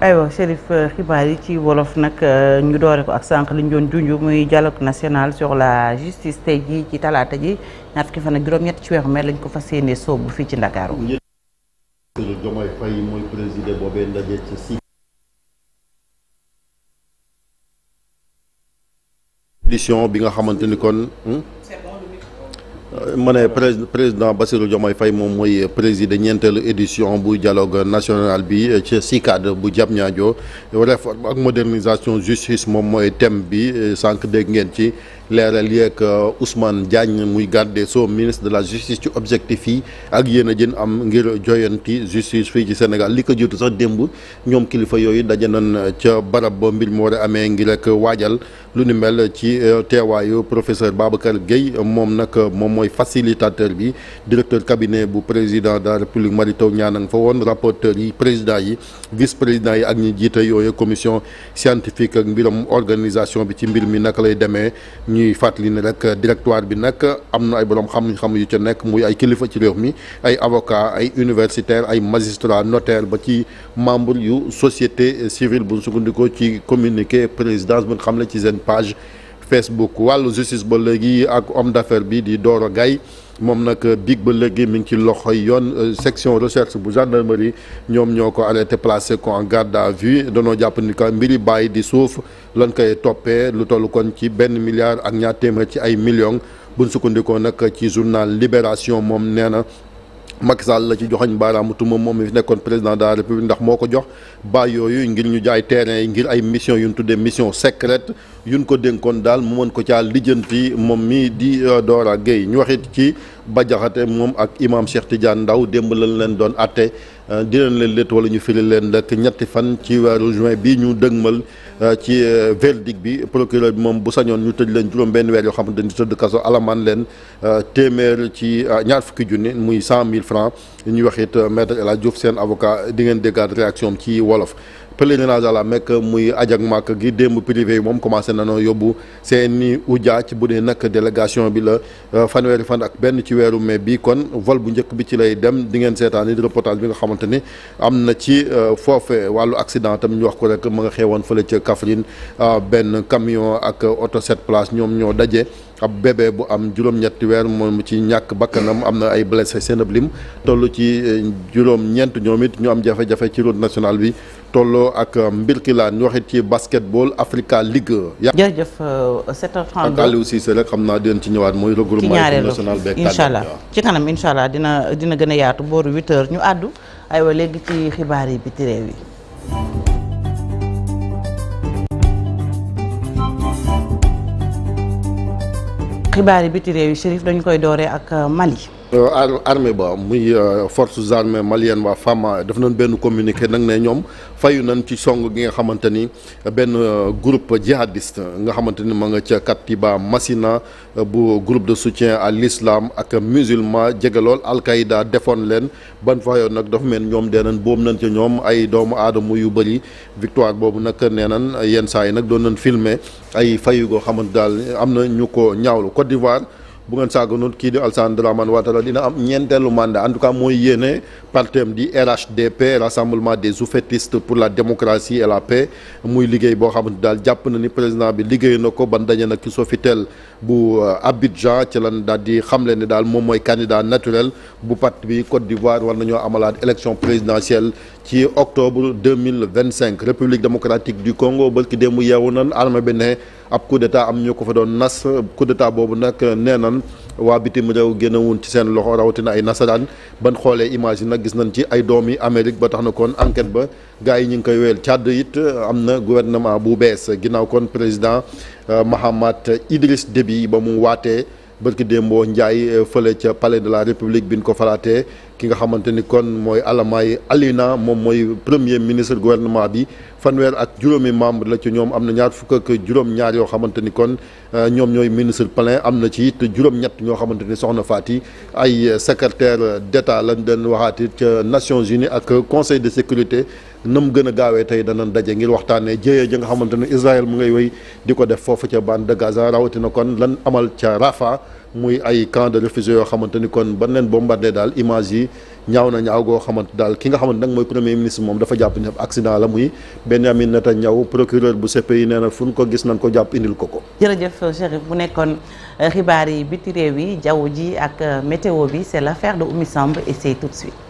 aywa Chérif euh, xibaar yi ci wolof nag euh, ñu doore ko ak sànq li ñu doon junj muy dialogue national sur la justice tey jii ci talaata ji ñaar fukki fan juróom-ñett ci weeru mai lañ ko fas yéenee bu fii ci Ndakaaru. Diomaye Faye mooy président bi nga xamante ni kon. Hmm? ma ne président Bassirou Diomaye Faye moom mooy président ñeenteelu édition bu dialogue national bi ci CICAD bu Diamniadio réforme ak modernisation justice moom mooy thème bi eh, sànq dégg ngeen ci leeral yeeg euh, Ousmane Diagne muy garde soo ministre de la justice ci objectif yi ak yéen a jën am ngir joyanti justice fii ci Sénégal li ko jiitu sax démb ñoom kilifa yooyu daje nañ euh, ca barab ba mbir mu war amee ngi ak waajal lu ni mel ci euh, teewaayu professeur Babacar Guèye moom nag moom mooy facilitateur bi directeur cabinet bu président de la République Mary Teuw Niane fa woon rapporteur yi président yi vice président yi ak ñi jiite yooyu commission scientifique ak mbiram organisation bi ci mbir mi naka lay demee. ñuy fàttali ne rek directoire bi nag am na ay borom xam-xam yu ca nekk muy ay kilifa ci réew mi ay avocat ay universitaire ay magistrat notaire ba ci membre yu société civile bu sukkandikoo ci communiqué présidence bu nga xam ne ci seen page Facebook wàllu justice ba léegi ak homme d'affaires bi di Doro Gaye moom nag big ba léegi mi ngi ci loxoy yoon euh, section recherche bu gendarmerie ñoom ñoo ko arrêté placé ko en garde à vue danoo jàpp ni que mbiri bàyyi di suuf lan koy toppee lu toll kon ci benn milliard ak ñaar téeméer ci ay millions buñ sukkandikoo nag ci journal Libération moom nee na Macky Sall la ci joxañ baaraamu tuuma moom mi nekkoon président de la république ndax moo ko jox baay yooyu ngir ñu jaay terrain yi ngir ay mission yu ñu tuddee mission secrète yuñ ko dénkoon daal mu mën ko caa lijjanti moom mii di euh, Dora Gueye ñu waxit ci ba jaxate moom ak imam Cheikh Tidiane Ndaw démb lañ leen doon atte euh, dinañ leen létt wala ñu firi leen rek ñetti fan ci weeru juin bii ñu dëgmal euh, ci euh, verdict bi procureur bi moom bu sañoon ñu tëj leen juróom benn weer yoo xamante ni tëdd kaso alamaan leen téeméer ci ñaar fukki junni muy cent mille francs ñu wax it maître El Hadj Diouf seen avocat di ngeen déggaat réaction ci wolof pèlerinage à la Mecque muy ajag ak màkk gi démb privé yi moom commencé nañoo yóbbu seeni ujaa ci bu dee nag délégation bi la euh, fanweeri fan ak benn ci weeru mai bi kon vol bu njëkk bi ci lay dem dingeen ngeen seetaan it reportage bi nga xamante ni am na ci euh, foofe wàllu accident tam ñu wax ko rek ma nga xewoon fële ca Kaffrine euh, benn camion ak auto sept places ñoom ñoo daje ab bébé bu am juróom-ñetti weer moom ci ñàkk bakkanam am na ay blessé seen lim toll ci juróom-ñeent ñoom am jafe ci route nationale bi tolloo ak mbirkilaan euh, ñu waxit ci basketball Africa League. jërëjëf 7h32 euh, ak Aliou Cissé rek xam naa dinañ ci ñëwaat mooy. regroupement national beeg incha allah ci kanam incha allah dina dina gën a yaatu booru 8 ñu àddu aywa léegi ci xibaar yi biti réew yi. xibaar yi biti réew yi Chérif dañu koy dooree ak euh, Mali. Euh, armée ba muy euh, forces armées maliennes waa Fama def nañ benn communiquer nag ne ñoom fayu nañ ci song gi nga xamante ni benn euh, groupe jihadiste nga xamante ni ma nga ca Katiba Masina bu groupe de soutien à l'islam ak musulman jege lool Al-Qaïda defoon leen ban fayoon nag dafa mel ñoom dee nañ boobu nañ ca ñoom ay doomu aadama yu bëri victoire boobu nag nee nañ yenn saa yi nag doon nañ filme ay fayu goo xamante daal am na ñu ko ñaawlu Côte d'Ivoire. bu ngeen saaganoon kii di Alassane Dramane Ouattara dina am ñeenteelu mandat en tout cas mooy yéene partem di RHDP rassemblement des oufettistes pour la démocratie et muy liggéey boo xam xamante daal jàpp na ni président bi liggéey na ko ban daje nag ci Sofitel bu euh, Abidjan ci lan daal di xamle ne daal moom mooy candidat naturel bu parti bi Côte d'Ivoire war nañoo amalaat élection présidentielle ci octobre 2025 République démocratique du Congo barki démb yeewu nan armée am ñu fa doon nas coup d'état boobu nag euh, nee nan yoon waa bitim réew génnewuñ ci seen loxo rawatina ay nasaraan ban xoolee image yi nag gis nañ ci ay doomi Amérique ba tax na kon enquête ba gars yi ñu ngi koy wéyal Tchad it euh, am na gouvernement bu bees ginnaaw kon président euh, Mahamat Idriss Déby ba mu waatee bërki démboo Ndiaye euh, fële ca palais de la république bi ñu ko falaatee ki nga xamante ni kon mooy alamaay alina moom mooy premier ministre gouvernement bi fanweer ak juróomi membre la ci ñoom am na ñaar fukk ak juróom-ñaar yoo xamante ni kon euh, ñoom ñooy ministre plein am na ci it juróom-ñett ñoo xamante ni soxna faati ay secrétaire d'état lañ leen waxaati ca Nations uni ak conseil de sécurité nam gën a gaawee tey danañ daje ngir waxtaanee jéye ji nga xamante ne Israël mu ngay wéy di ko def foofu ca bande Gaza rawatina kon lan amal ca Rafa muy ay camp de réfugiés yoo xamante ni kon ban leen bombardé daal image yi ñaaw na ñaaw goo xamante daal ki nga xamante nag mooy premier ministre moom dafa jàpp ni accident la muy Benjamin Netanyahu procureur bu CPI nee na fu ko gis nañ ko jàpp indil ko ko. jërëjëf Chérif bu nekkoon eh, xibaar yi biti réew yi jaww ji ak eh, météo bi c'est l'affaire de Oumy Samb et